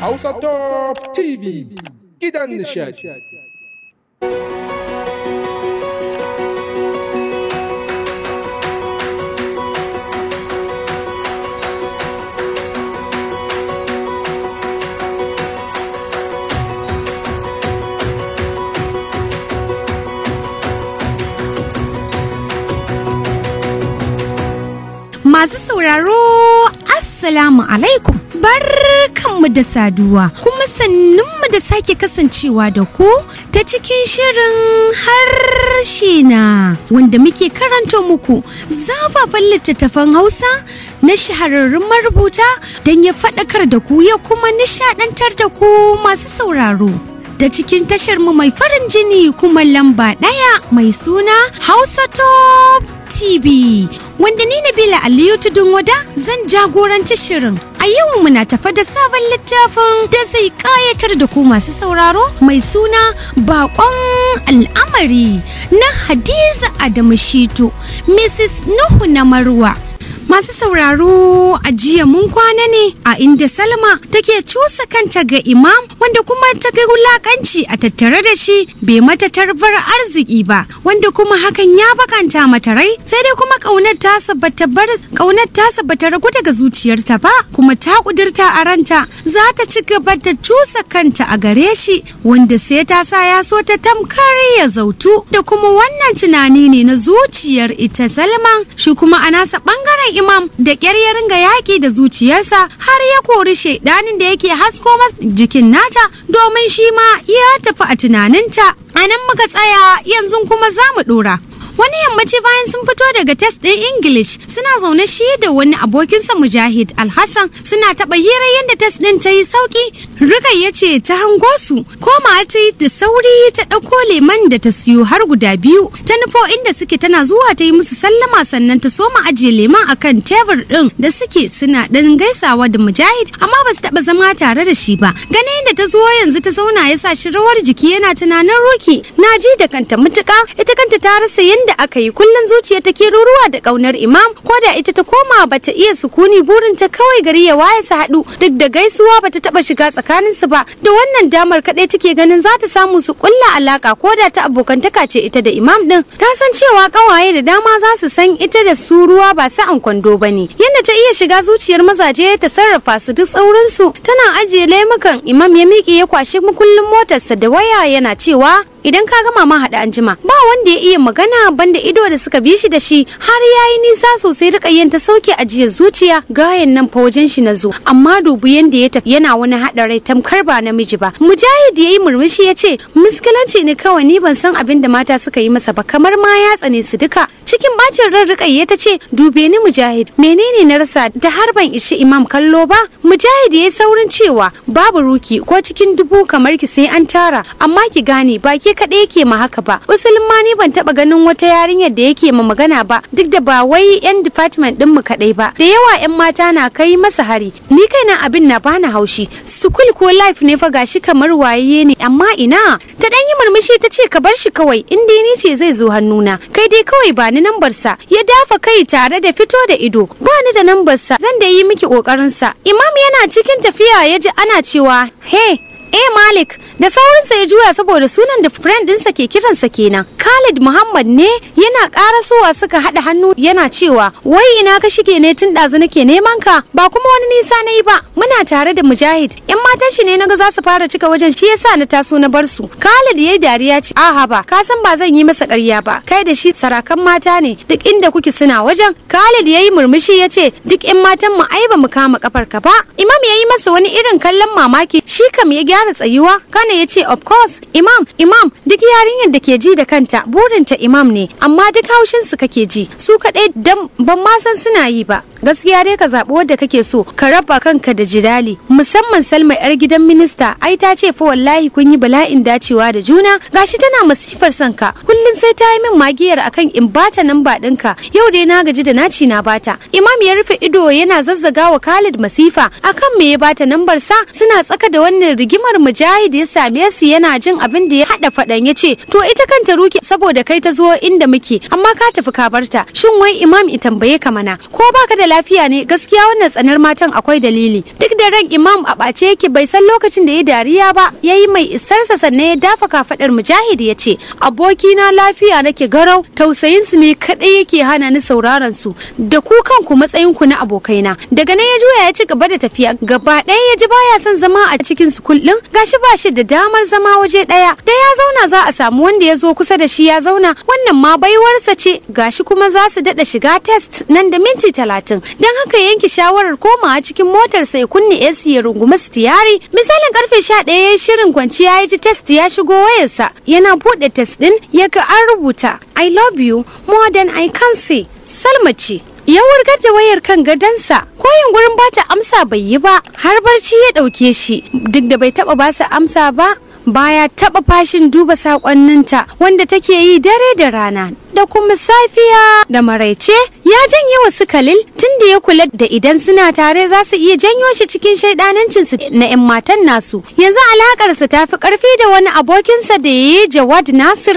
Hausa Top TV gidan nishadi. Masu sauraro, Assalamu alaikum. Bar mu da saduwa kuma mu da sake kasancewa da ku ta cikin shirin harshe na wanda muke karanta muku zafafan littattafan hausa na shahararrun marubuta don ya faɗakar da ku ya kuma nishaɗantar da ku masu sauraro. da cikin tashar mu mai farin jini kuma lamba ɗaya mai suna Hausa Top TV wanda ni na Nabila Aliyu Tudun Wada zan jagoranci shirin. A yau muna tafa da sabon littafin da zai ƙayatar da ku masu sauraro mai suna Bakon Al'amari na Hadiza Adamu Shitu, Mrs. Nuhu na Marwa. masu sauraro a mun kwana ne a inda salma take cusa kanta ga imam wanda kuma ta ga wulakanci a tattare da shi bai mata tarbar arziki ba wanda kuma hakan ya bakanta mata rai sai dai kuma kaunar ta sabbata bar kaunar ta sabbata ragu daga zuciyarta ba kuma ta kudirta a ranta za ta ci gaba da cusa kanta a gare shi wanda sai ta sa ya so ta tamkar ya zautu da kuma wannan tunani ne na zuciyar ita salma shi kuma a nasa bangaren imam da ƙyar ya ringa yaƙi da zuciyarsa har ya kori shaidanin da yake hasko mas jikin nata domin shi ma ya tafi a tunaninta a nan muka tsaya yanzu kuma za mu ɗora wani yammaci bayan sun fito daga test ɗin english suna zaune shi da wani abokinsa mujahid alhassan suna taɓa hira yadda test ɗin ta yi sauki rukai ya ce ta hango su ko ta yi da sauri ta ɗauko leman da ta siyo har guda biyu ta nufo inda suke tana zuwa ta yi musu sallama sannan ta soma ajiye leman akan tebur ɗin da suke suna ɗan gaisawa da mujahid amma ba su taɓa zama tare da shi ba ganin inda ta zo yanzu ta zauna ya sa shi rawar jiki yana tunanin roki na ji da kanta mutuka ita kanta ta rasa yadda da aka yi kullum zuciya take ruruwa da kaunar imam ko da ita ta koma bata iya sukuni burin ta kawai gari ya waye su haɗu duk da gaisuwa bata taba shiga tsakanin su ba da wannan damar kadai take ganin za ta samu su kulla alaka ko da ta abokantaka ce ita da imam din ta san cewa kawaye da dama za su san ita da su ruwa ba an kwando bane yadda ta iya shiga zuciyar mazaje ta sarrafa su duk tsaurin su tana ajiye lemukan imam ya miƙe ya kwashe mukullin motarsa da waya yana cewa idan ka ga mama haɗa anjima ba wanda ya iya magana banda ido da suka bi shi da shi har yayi nisa sosai yanta ta sauke jiya zuciya gayan nan fa wajen shi na zo amma dubu yanda ya tafi yana wani haɗarai rai tamkar ba namiji ba mujahid ya yi murmushi ya ce muskilanci ne kawai ni ban san abin da mata suka yi masa ba kamar ma ya tsane su duka cikin bacin ran ya ta ce dube ni mujahid menene na rasa da har ban ishi imam kallo ba mujahid ya yi saurin cewa babu ruki ko cikin dubu kamar ki sai an tara amma ki gane baki ke kaɗai yake ma haka ba wasalin ma ni ban taɓa ganin wata yarinyar da yake ma magana ba duk da ba wai yan department ɗin mu kaɗai ba da yawa yan mata na kai masa hari ni kaina abin na bani haushi sukul ko life ne fa gashi kamar waye ne amma ina ta ɗan yi murmushi ta ce ka bar shi kawai in dai ni ce zai zo hannuna kai dai kawai ba ni nambarsa ya dafa kai tare da fito da ido ba ni da nambarsa zan da yi miki sa imam yana cikin tafiya ya ji ana cewa he Eh Malik, da saurinsa ya juya saboda sunan da friend ɗinsa ke kiransa kenan. Khalid Muhammad ne yana ƙarasowa suka haɗa hannu yana cewa wai ina ka shige ne tun ɗazu nake neman ka ba kuma wani nisa na yi ba muna tare da Mujahid. Yan matan shi ne naga za su fara cika wajen shi yasa na taso na bar su. Khalid yayi dariya ce aha ba ka san ba zan yi masa ƙarya ba kai da shi sarakan mata ne duk inda kuke suna wajen. Khalid yayi murmushi ya ce duk yan matan mu ai ba mu kama kafar ka ba. Imam yayi masa wani irin kallon mamaki shi kam ya gyara gyara tsayuwa kana ya ce of course imam imam duk yarinyar da ke ji da kanta burinta imam ne amma duk haushinsu su kake ji su kaɗai dan ban ma san suna yi ba gaskiya dai ka zaɓi wadda kake so ka raba kanka da jidali musamman salma yar gidan minista ai ta ce fa wallahi kun yi bala'in dacewa da juna gashi tana masifar sanka kullum sai ta yi min magiyar akan in bata nan ba ɗinka yau dai na gaji da naci na bata imam ya rufe ido yana zazzaga wa khalid masifa akan me ya bata nambar sa suna tsaka da wannan rigimar mujahid ya same su yana jin abin da ya haɗa faɗan ya ce to ita kanta ruki saboda kai ta zo inda muke amma ka tafi ka barta shin wai imam i tambaye ka mana ko baka da lafiya ne gaskiya wannan tsanar matan akwai dalili duk da ran imam a ɓace yake bai san lokacin da ya dariya ba ya yi mai isarsa sannan ya dafa kafaɗar mujahid ya ce abokina lafiya nake garau tausayinsu ne kaɗai yake hana ni sauraron su da ku kanku matsayinku na abokaina daga nan ya juya ya ci gaba da tafiya gaba ɗaya ya ji baya son zama a cikin su kullum gashi ba shi da damar zama waje ɗaya da ya zauna za a samu wanda ya zo kusa da shi ya zauna wannan ma baiwarsa ce gashi kuma za su daɗa shiga test nan da minti talatin don haka yanke shawarar komawa cikin motar sai kunni AC ya rungumi sitiyari misalin karfe 11 shirin kwanciya ya ji test ya shigo wayarsa yana bude test din ya ga an rubuta I love you more than I can say Salma ce ya wurgar da wayar kan gadonsa koyin gurin ta amsa bai yi ba har barci ya dauke shi duk da bai taba basa amsa ba baya taba fashin duba sakonninta wanda take yi dare da rana da kuma safiya da maraice ya janye wasu kalil tun da ya kula da idan suna tare za su iya janyo shi cikin shaidanancinsu na 'yan matan nasu yanzu su ta fi karfi da wani abokinsa da ya yi jawad nasir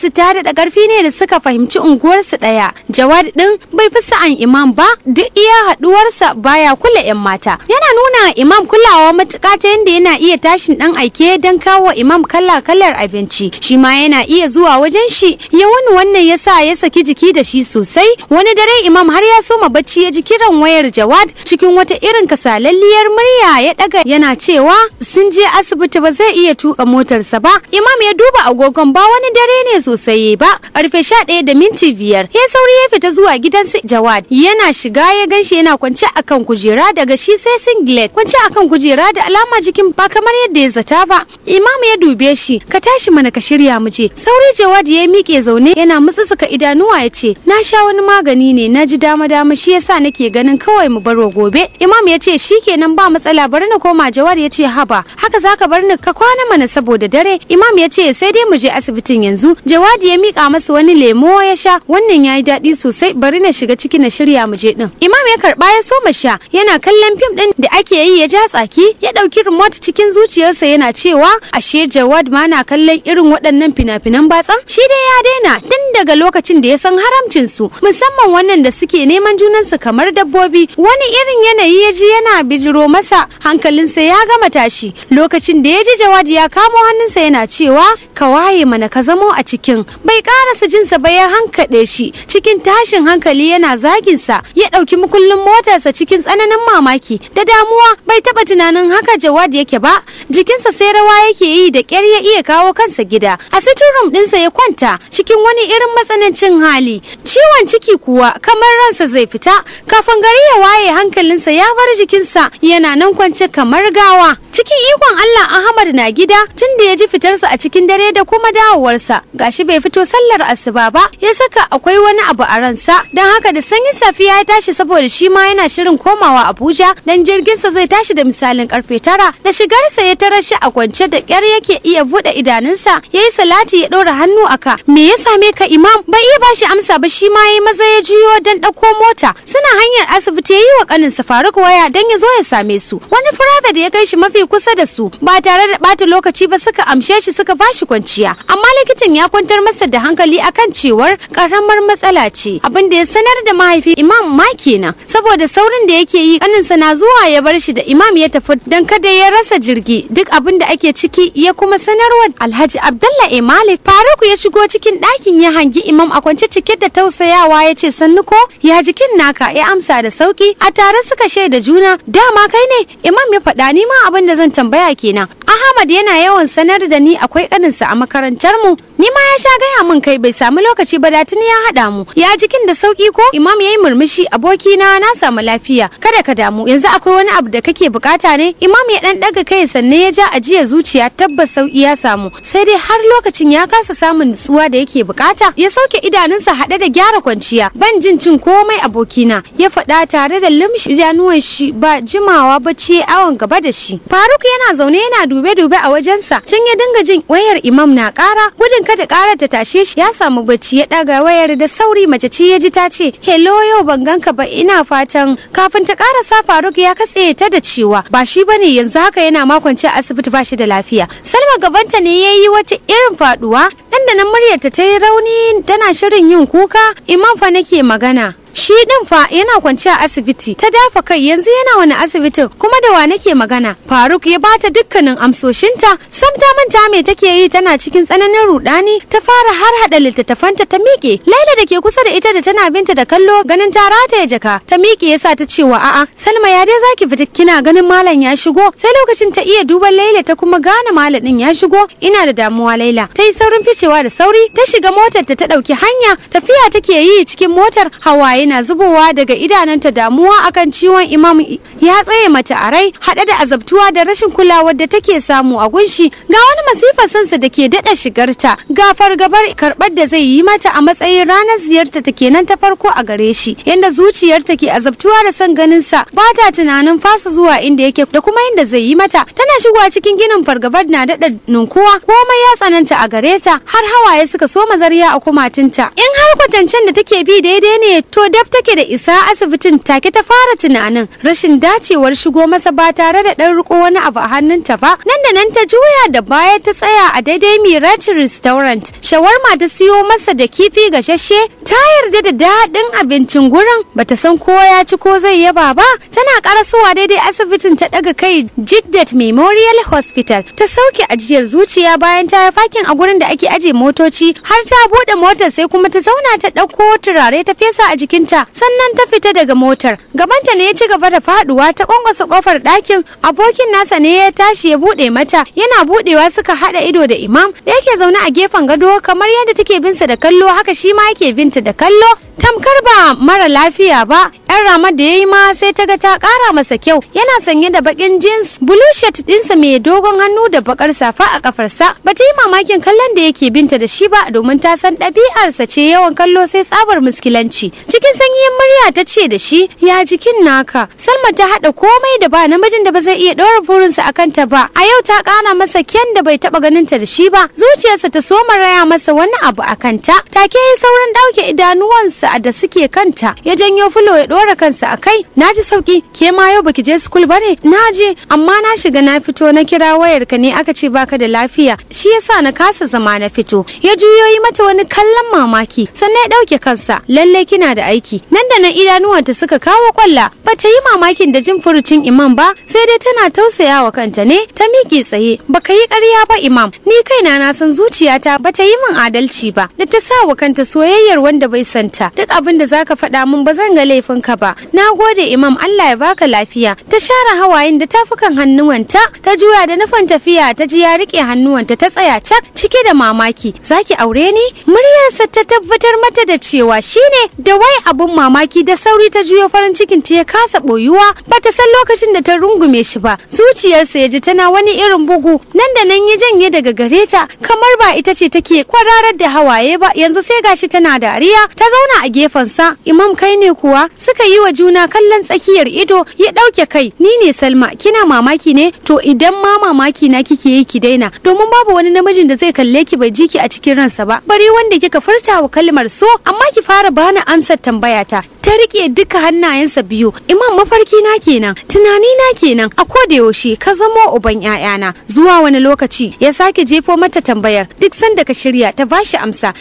su ta da karfi ne da suka fahimci unguwarsu daya jawad din bai fi sa'an imam ba duk iya sa baya kula 'yan mata yana nuna imam kulawa matuƙa ta yadda yana iya tashin dan aike don kawo imam kala kalar abinci shi ma yana iya zuwa wajen shi ya wani wannan. wannan ya sa ya saki jiki da shi sosai wani dare imam har ya soma bacci ya ji kiran wayar jawad cikin wata irin kasalalliyar murya ya daga yana cewa sun je asibiti ba zai iya tuka motarsa ba imam ya duba agogon ba wani dare ne sosai ba karfe sha ɗaya da minti biyar ya sauri ya fita zuwa gidan su jawad yana shiga ya ganshi yana kwance akan kujera daga shi sai singlet kwance akan kujera da alama jikin ba kamar yadda ya zata ba imam ya dube shi ka tashi mana ka shirya mu je sauri jawad ya miƙe zaune yana mu idanuwa ya ce na sha wani magani ne na ji dama dama shi yasa nake ganin kawai mu baro gobe imam ya ce kenan ba matsala bari na koma jawar ya ce haba haka zaka bar ni ka kwana mana saboda dare imam ya ce sai dai mu je asibitin yanzu jawadi ya mika masa wani lemo ya sha wannan yayi daɗi sosai bari na shiga ciki na shirya mu je din imam ya karba ya soma sha yana kallon fim din da ake yi ya ja tsaki ya dauki remote cikin zuciyarsa yana cewa ashe jawad ma na kallon irin waɗannan fina-finan batsan shi dai ya daina daga lokacin da ya san haramcin su musamman wannan da suke neman junansu kamar dabbobi wani irin yanayi ya ji yana bijiro masa hankalinsa ya gama tashi lokacin da ya ji jawadi ya kamo hannunsa yana cewa ka waye mana ka zamo a cikin bai karasa jinsa ba ya hankaɗe shi cikin tashin hankali yana zaginsa ya ɗauki mukullin motarsa cikin tsananin mamaki da damuwa bai taɓa tunanin haka jawadi yake ba jikinsa sai rawa yake yi da ƙyar ya iya kawo kansa gida a room ɗinsa ya kwanta cikin wani irin matsanancin hali ciwon ciki kuwa kamar ransa zai fita kafin gari ya waye hankalinsa ya bar jikinsa yana nan kwance kamar gawa cikin ikon Allah Ahmad na gida tun da ya ji fitarsa a cikin dare da kuma dawowarsa gashi bai fito sallar asuba ba ya saka akwai wani abu a ransa don haka da sanyin safiya ya tashi saboda shi ma yana shirin komawa Abuja dan jirginsa zai tashi da misalin karfe tara da shigarsa ya tarar shi a kwance da kyar yake iya buɗe idanunsa ya yi salati ya ɗora hannu aka me ya same ka haka imam bai iya bashi amsa ba shi ma yayi maza ya juyo dan ɗauko mota suna hanyar asibiti ya yi wa kaninsa Faruk waya dan ya zo ya same su wani private ya kai shi mafi kusa da su ba tare da bata lokaci ba suka amshe shi suka bashi kwanciya amma likitan ya kwantar masa da hankali akan cewar karamar matsala ce abin da ya sanar da mahaifi imam ma kenan saboda saurin da yake yi kaninsa na zuwa ya bar shi da imam ya tafi dan kada ya rasa jirgi duk abin da ake ciki ya kuma sanarwa Alhaji Abdallah E Malik Faruk ya shigo cikin ɗakin ya hangi imam a kwance cike da tausayawa ya ce sannu ko ya jikin naka ya amsa da sauki a tare suka shaida juna dama kai ne imam ya faɗa ni ma abin da zan tambaya kenan Ahmad yana yawan sanar da ni akwai kaninsa a makarantar mu. Ni ma ya sha gaya mun kai bai samu lokaci ba da tuni ya haɗa mu. Ya jikin da sauki ko? Imam ya yi murmushi aboki na na samu lafiya. Kada ka damu yanzu akwai wani abu da kake bukata ne? Imam ya dan daga kai sannan ya ja ajiya zuciya tabbas sauki ya samu. Sai dai har lokacin ya kasa samun nutsuwa da yake bukata. Ya sauke idanunsa haɗe da gyara kwanciya. Ban jin cin komai abokina. Ya faɗa tare da limshi idanuwan shi ba jimawa ba ce awon gaba da shi. Faruk yana zaune yana dube dube a wajensa can ya dinga jin wayar imam na kara gudun kada karar ta tashe shi ya samu bacci ya daga wayar da sauri mace ce ya ji ta ce hello yau ban ganka ba ina fatan kafin ta kara sa faruk ya katse ta da cewa ba shi bane yanzu haka yana makwance asibiti ba shi da lafiya salma gabanta ne ya yi wata irin faduwa nan da nan muryarta ta yi rauni tana shirin yin kuka imam fa nake magana shi din fa yana kwance a asibiti ta dafa kai yanzu yana wani asibitin kuma da wa nake magana faruk ya bata dukkanin amsoshinta sam ta manta me take yi tana cikin tsananin rudani ta fara har hada littattafanta ta miƙe laila da ke kusa da ita da tana binta da kallo ganin ta rata ya jaka ta miƙe yasa ta cewa a'a salma ya dai zaki fita kina ganin malam ya shigo sai lokacin ta iya duba laila ta kuma gane malam din ya shigo ina da damuwa laila ta yi saurin ficewa da sauri ta shiga motar ta ta ɗauki hanya tafiya take yi cikin motar hawaye hawaye na zubowa daga idananta damuwa akan ciwon imam ya tsaye mata a rai haɗe da azabtuwa da rashin kulawar da take samu a gunshi ga wani masifar sansa da ke daɗa shigarta ga fargabar karɓar da zai yi mata a matsayin ranar ziyarta ta kenan ta farko a gare shi yadda zuciyarta ke azabtuwa da son sa ba ta tunanin fasa zuwa inda yake da kuma inda zai yi mata tana shigowa cikin ginin fargabar na daɗa nunkuwa komai ya tsananta a gare ta har hawaye suka so mazariya a kumatinta in har kwatancen da take bi daidai ne to dab take da isa asibitin take ta fara tunanin rashin dacewar shigo masa ba tare da ɗan riko wani abu a hannunta ba nan da nan ta juya da baya ta tsaya a daidai mirage restaurant shawarma ta siyo masa da kifi gashashe ta yarda da daɗin abincin gurin bata san ko ya ci ko zai yaba ba tana karasuwa daidai asibitin ta ɗaga kai jiddat memorial hospital ta sauke ajiyar zuciya bayan ta fakin a gurin da ake aje motoci har ta buɗe motar sai kuma ta zauna ta ɗauko turare ta fesa a jikin ta sannan ta fita daga motar gabanta ne ya ci gaba da faduwa ta kwankwasa kofar ɗakin abokin nasa ne ya tashi ya buɗe mata yana buɗewa suka haɗa ido da imam da yake zaune a gefen gado kamar yadda take binsa da kallo haka shi ma yake binta da kallo tamkar ba mara lafiya ba yan rama da ya yi ma sai ta ga ta kara masa kyau yana sanye da bakin jeans bulushet dinsa mai dogon hannu da bakar safa a kafarsa ba ta yi mamakin kallon da yake binta da shi ba domin ta san ɗabi'arsa ce yawan kallo sai tsabar muskilanci cikin sanyin murya ta ce da shi ya jikin naka salma ta haɗa komai da ba namijin da ba zai iya ɗora furinsa a kanta ba a yau ta ƙara masa kyan da bai taɓa ta da shi ba zuciyarsa ta soma raya masa wani abu a kanta take saurin ɗauke idanuwansa sa'ad da suke kanta ya janyo fulo ya dora kansa a kai na ji sauki ke ma yau baki je school bane na je amma na shiga na fito na kira wayar ka ne aka ce baka da lafiya shi yasa na kasa zama na fito ya juyo yi mata wani kallon mamaki sannan ya dauke kansa lalle kina da aiki nan da nan idanuwanta suka kawo kwalla bata yi mamakin da jin furucin imam ba sai dai tana tausayawa kanta ne ta miƙe tsaye baka yi ƙarya ba imam ni kaina na san zuciyata bata yi min adalci ba da ta sa wa kanta soyayyar wanda bai santa duk abin da zaka faɗa mun ba zan ga laifin ka ba na gode imam Allah ya baka lafiya ta share hawayen da tafukan hannuwanta ta juya da nufan tafiya ta ji ya rike hannuwanta ta tsaya cak cike da mamaki zaki aure ni muryarsa ta tabbatar mata da cewa shine da wai abun mamaki da sauri ta juyo farin cikin ta ya kasa boyuwa ba ta san lokacin da ta rungume shi ba zuciyarsa ya ji tana wani irin bugu nan da nan ya janye daga gare ta kamar ba ita ce take kwararar da hawaye ba yanzu sai gashi tana dariya ta zauna a gefensa imam kai ne kuwa suka yi wa juna kallon tsakiyar ido ya ɗauke kai ni ne salma kina mamaki ne to idan ma mamaki na kike yi ki daina domin babu wani namijin da zai kalle ki bai ji ki a cikin ransa ba bari wanda kika furta wa kalmar so amma ki fara bani amsar tambayata ta rike duka hannayensa biyu imam mafarki na kenan tunani na kenan a ko da yaushe ka zamo uban 'ya'yana zuwa wani lokaci ya sake jefo mata tambayar duk sanda ka shirya ta bashi amsa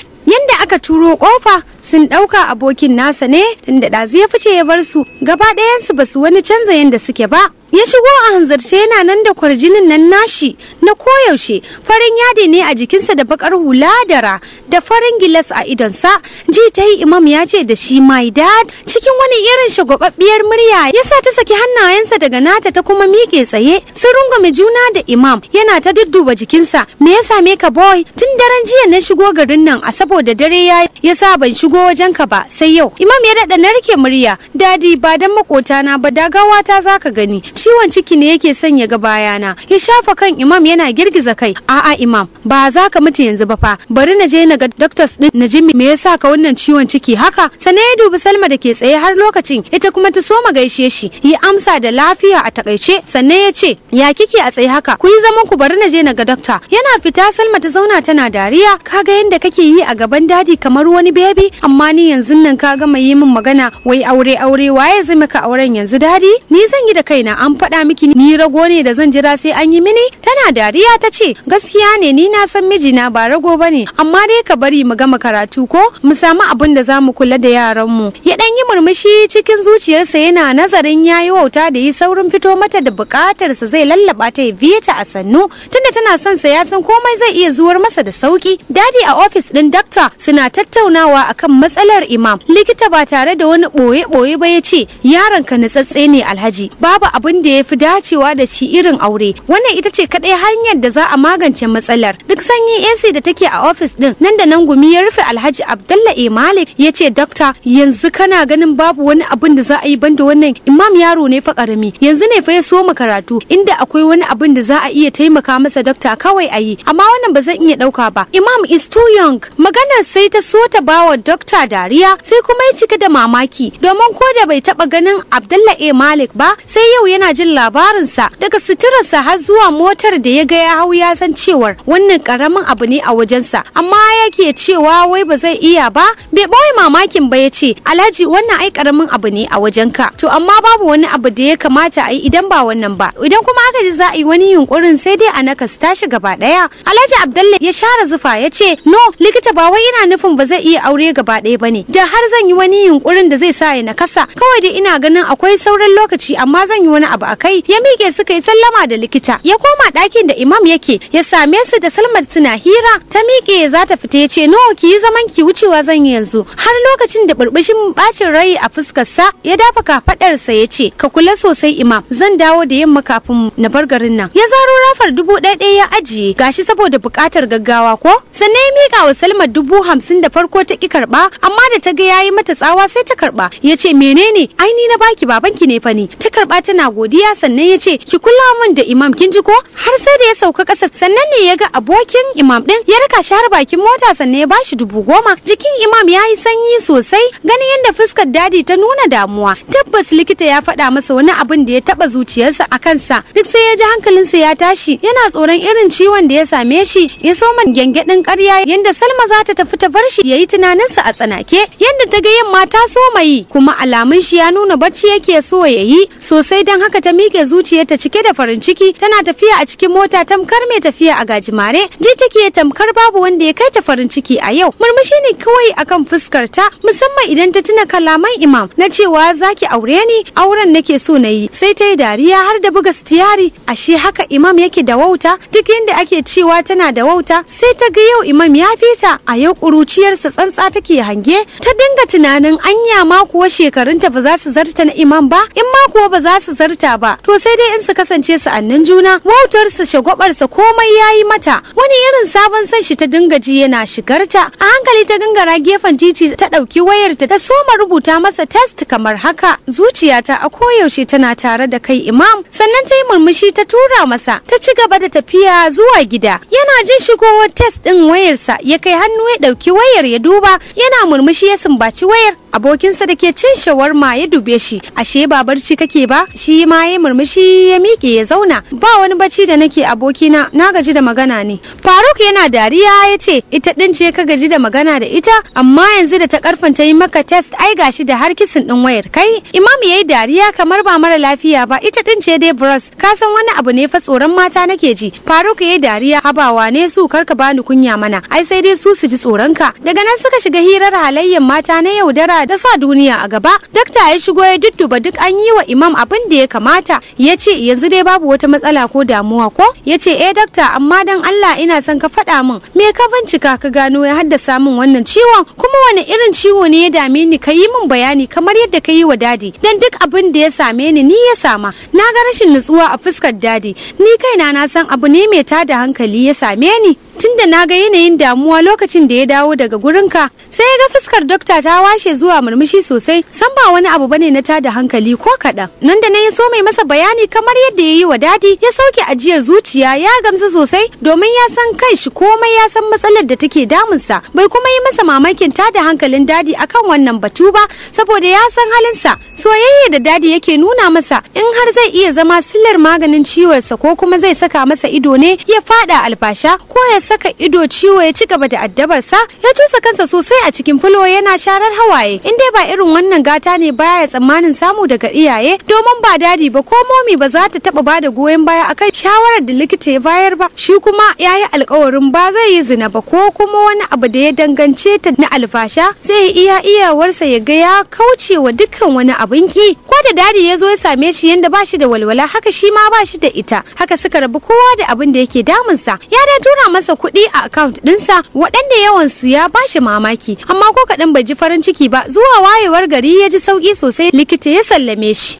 aka turo kofa sun ɗauka abokin nasa ne tunda ɗazu ya fice ya bar su gaba ɗayansu ba su wani canza yadda suke ba ya shigo a hanzarce yana nan da kwarjinin nan nashi na koyaushe farin yadi ne a jikinsa da bakar hula da ra da farin gilas a idonsa ji ta yi imam ya ce da shi my dad cikin wani irin shagwababbiyar murya ya sa ta saki hannayensa daga nata ta kuma miƙe tsaye sun rungume juna da imam yana ta dudduba jikinsa me ya same ka boy tun daren jiya na shigo garin nan a saboda dare ya ya sa ban shigo wajen ka ba sai yau imam ya daɗa narke murya dadi ba dan makotana ba dagawa ta zaka gani ciwon ciki ne yake sanya ga bayana ya shafa kan imam yana girgiza kai a'a imam ba za ka mutu yanzu ba fa bari na je na ga doctors din na ji me yasa ka wannan ciwon ciki haka sannan ya dubi salma da ke tsaye har lokacin ita kuma ta soma gaishe shi yi amsa da lafiya a takaice sannan ya ce ya kike a tsaye haka ku yi zaman ku bari na je na ga doctor yana fita salma ta zauna tana dariya Ka ga yanda kake yi a gaban dadi kamar wani baby amma ni yanzu nan ka gama yi min magana wai aure aure waye zai maka auren yanzu dadi ni zan yi da kaina an an faɗa miki ni rago ne da zan jira sai an yi mini tana dariya ta ce gaskiya ne ni na san mijina ba rago ba ne. amma dai ka bari mu gama karatu ko mu samu abin da za mu kula da yaranmu ya dan yi murmushi cikin zuciyarsa yana nazarin yayi wauta da yi saurin fito mata da bukatarsa zai lallaba ta ya biye ta a sannu tunda tana son sa ya san komai zai iya zuwar masa da sauki dadi a ofis ɗin dakta suna tattaunawa akan matsalar imam likita ba tare da wani ɓoye boye ba ya ce Yaronka ka nutsatse ne alhaji babu abin abin da ya fi dacewa da shi irin aure wannan ita ce kaɗai hanyar da za a magance matsalar duk sanyi ac da take a ofis din nan da nan gumi ya rufe alhaji abdalla e malik ya ce dokta yanzu kana ganin babu wani abin da za a yi banda wannan imam yaro ne fa karami yanzu ne fa ya so mu karatu inda akwai wani abin da za a iya taimaka masa dokta kawai a yi amma wannan ba zan iya ɗauka ba imam is too young maganar sai ta so ta bawa dokta dariya sai kuma ya cika da mamaki domin ko da bai taba ganin abdalla e malik ba sai yau yana yana jin labarinsa daga suturarsa har zuwa motar da ya ga ya hau ya san cewar wannan karamin abu ne a wajensa amma yake cewa wai ba zai iya ba bai ɓoye mamakin ba ya ce alhaji wannan ai karamin abu ne a wajen ka, to amma babu wani abu da ya kamata a yi idan ba wannan ba idan kuma aka ji za a yi wani yunkurin sai dai a nakas tashi gaba daya alhaji abdalla ya share zufa ya ce no likita ba wai ina nufin ba zai iya aure gaba daya bane da har zan yi wani yunkurin da zai sa ya nakasa kawai dai ina ganin akwai sauran lokaci amma zan yi wani abu a kai ya miƙe suka yi sallama da likita ya koma ɗakin da imam yake ya same su da salmat suna hira ta miƙe za ta fita ya ce nawa ki yi zaman ki wucewa zan yanzu har lokacin da burbushin bacin rai a fuskar sa ya dafa kafaɗarsa ya ce ka kula sosai imam zan dawo da yamma kafin na bar garin nan ya zaro rafar dubu ɗaya ɗaya ya ajiye gashi saboda buƙatar gaggawa ko sannan ya miƙa wa salma dubu hamsin da farko ta ƙi karɓa amma da ta ga yayi mata tsawa sai ta karɓa ya ce menene aini na baki babanki ne fa ni ta karɓa tana gobe godiya sannan ya ce ki kula min da imam kin ji ko har sai da ya sauka ƙasa sannan ne ya ga abokin imam ɗin ya raka shi har bakin mota sannan ya bashi dubu goma jikin imam ya yi sanyi sosai ganin yadda fuskar dadi ta nuna damuwa tabbas likita ya faɗa masa wani abin da ya taɓa zuciyarsa a kansa duk sai ya ji hankalinsa ya tashi yana tsoron irin ciwon da ya same shi ya so man gyangyaɗin karya yadda salma za ta tafi ta bar shi ya yi tunaninsa a tsanake yadda ta ga yin mata so mai kuma alamun shi ya nuna bacci yake so ya yi sosai don haka aka ta mike zuciyarta cike da farin ciki tana tafiya a cikin mota tamkar mai tafiya a gajimare je take tamkar babu wanda ya kai ta farin ciki a yau murmushi ne kawai akan fuskar ta musamman idan ta tuna kalaman imam na cewa zaki aure ni auren nake so na yi sai ta yi dariya har da buga stiyari ashe haka imam yake da wauta duk yadda ake cewa tana da wauta sai ta ga yau imam ya fita a yau ƙuruciyarsa tsantsa take hange ta dinga tunanin anya ma kuwa shekarunta ba za su zarta na imam ba in ma kuwa ba za su zarta mata ba to sai dai in su kasance sa'annin juna wautarsa shagwabarsa komai yayi mata wani irin sabon san shi ta dinga ji yana shigarta a hankali ta gangara gefen titi ta ɗauki wayarta ta soma rubuta masa test kamar haka zuciyata a koyaushe tana tare da kai imam sannan ta yi murmushi ta tura masa ta ci gaba da tafiya zuwa gida yana jin shigowar test ɗin wayarsa ya kai hannu ya ɗauki wayar ya duba yana murmushi ya sumbaci wayar abokinsa da ke cin shawarma ya dube shi ashe ba barci kake ba shi ma ya murmushi ya miƙe ya zauna ba wani bacci da nake abokina na gaji da magana ne faruk yana dariya ya ce ita din ce ka gaji da magana da ita amma yanzu da ta ta yi maka test ai gashi da har kisin ɗin wayar kai imam ya yi dariya kamar ba mara lafiya ba ita din ce dai bros ka san wani abu ne fa tsoron mata nake ji faruk ya yi dariya habawa ne su karka bani kunya mana ai sai dai su su ji tsoronka. daga nan suka shiga hirar halayyar mata na yaudara da sa duniya a gaba dakta ya shigo ya dudduba duk an yi wa imam abin da ya kamata ya ce yanzu dai babu wata matsala ko damuwa ko ya ce eh dakta amma dan Allah ina son ka faɗa min me ka bincika ka gano ya haddasa min wannan ciwon kuma wani irin ciwo ne ya dame ni ka yi min bayani kamar yadda ka yi wa dadi dan duk abin da ya same ni ni ya sama na ga rashin nutsuwa a fuskar dadi ni kaina na san abu ne mai tada hankali ya same ni tunda na ga yanayin damuwa lokacin da ya dawo daga gurinka sai ya ga fuskar dokta ta washe zuwa murmushi sosai san ba wani abu bane na tada hankali ko kaɗan nan da na ya so mai masa bayani kamar yadda ya yi wa dadi ya sauke ajiyar zuciya ya gamsu sosai domin ya san kan shi komai ya san matsalar da take damunsa bai kuma yi masa mamakin tada hankalin dadi akan wannan batu ba saboda ya san halinsa soyayya da dadi yake nuna masa in har zai iya zama sillar maganin ciwarsa ko kuma zai saka masa ido ne ya faɗa albasha ko ya saka aka ido ciwo ya ci gaba da addabarsa ya cusa kansa sosai a cikin fulo yana sharar hawaye in dai ba irin wannan gata ne baya tsammanin samu daga iyaye domin ba dadi ba ko momi ba za ta taba bada goyon baya akan shawarar da likita ya bayar ba shi kuma ya yi alkawarin ba zai yi zina ba ko kuma wani abu da ya dangance ta na alfasha zai iya iyawarsa ya ga ya kauce wa dukkan wani abin ki ko da dadi ya zo ya same shi yanda ba shi da walwala haka shi ma ba shi da ita haka suka rabu kowa da abin da yake damunsa ya da tura masa kuɗi kuɗi a account ɗinsa waɗanda yawan su ya bashi mamaki amma ko kaɗan bai ji farin ciki ba zuwa wayewar gari ya ji sauƙi sosai likita ya sallame shi.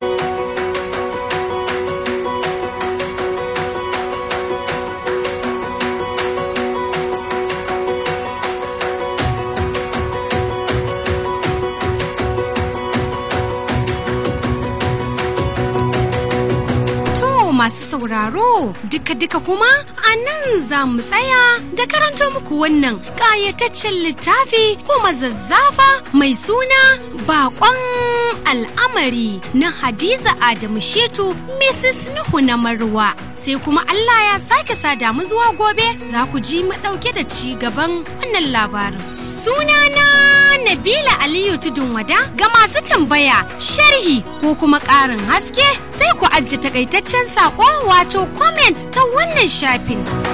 masu sauraro duka-duka kuma nan za mu tsaya da karanto muku wannan ƙayataccen littafi kuma zazzafa mai suna bakon al'amari na hadiza adamu shetu mrs nuhu na marwa sai kuma allah ya sake sada mu zuwa gobe za ku ji mu ɗauke da ci gaban wannan labarin sunana Nabila Aliyu Tudun Wada ga masu tambaya, sharhi ko kuma ƙarin haske sai ku ajiye takaitaccen saƙo wato comment ta wannan shafin.